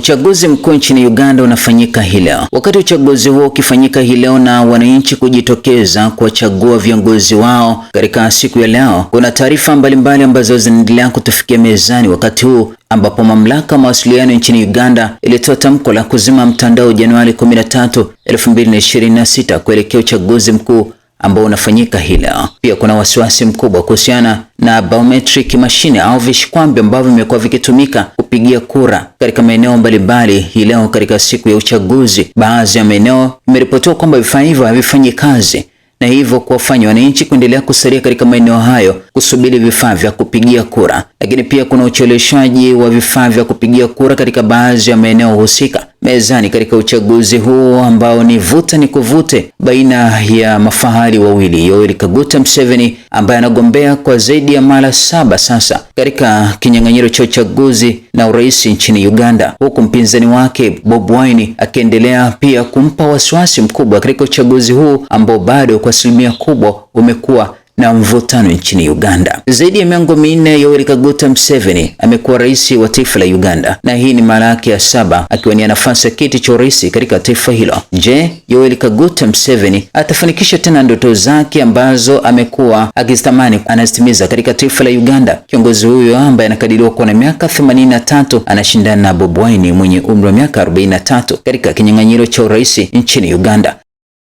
Uchaguzi mkuu nchini Uganda unafanyika hii leo. Wakati uchaguzi huo ukifanyika hii leo na wananchi kujitokeza kuwachagua viongozi wao katika siku ya leo, kuna taarifa mbalimbali ambazo zinaendelea kutufikia mezani wakati huu ambapo mamlaka ya mawasiliano nchini Uganda ilitoa tamko la kuzima mtandao Januari 13, 2026 kuelekea uchaguzi mkuu ambao unafanyika hila. Pia kuna wasiwasi mkubwa kuhusiana na biometric mashine au vishikwambi ambavyo vimekuwa vikitumika kupigia kura katika maeneo mbalimbali hii leo katika siku ya uchaguzi. Baadhi ya maeneo imeripotiwa kwamba vifaa hivyo havifanyi kazi na hivyo kuwafanya wananchi kuendelea kusalia katika maeneo hayo kusubiri vifaa vya kupigia kura. Lakini pia kuna ucheleweshaji wa vifaa vya kupigia kura katika baadhi ya maeneo husika mezani katika uchaguzi huu ambao ni vuta ni kuvute baina ya mafahari wawili Yoweri Kaguta Museveni ambaye anagombea kwa zaidi ya mara saba sasa katika kinyang'anyiro cha uchaguzi na urais nchini Uganda, huku mpinzani wake Bob Wine akiendelea pia kumpa wasiwasi mkubwa katika uchaguzi huu ambao bado kwa asilimia kubwa umekuwa na mvutano nchini Uganda. Zaidi ya miongo minne, Yoweri Kaguta Museveni amekuwa rais wa taifa la Uganda na hii ni mara yake ya saba akiwania nafasi ya kiti cha urais katika taifa hilo. Je, Yoweri Kaguta Museveni atafanikisha tena ndoto zake ambazo amekuwa akizitamani anazitimiza katika taifa la Uganda? Kiongozi huyo ambaye anakadiriwa kuwa na miaka 83 anashindana na Bobi Wine mwenye umri wa miaka 43 katika kinyang'anyiro cha urais nchini Uganda.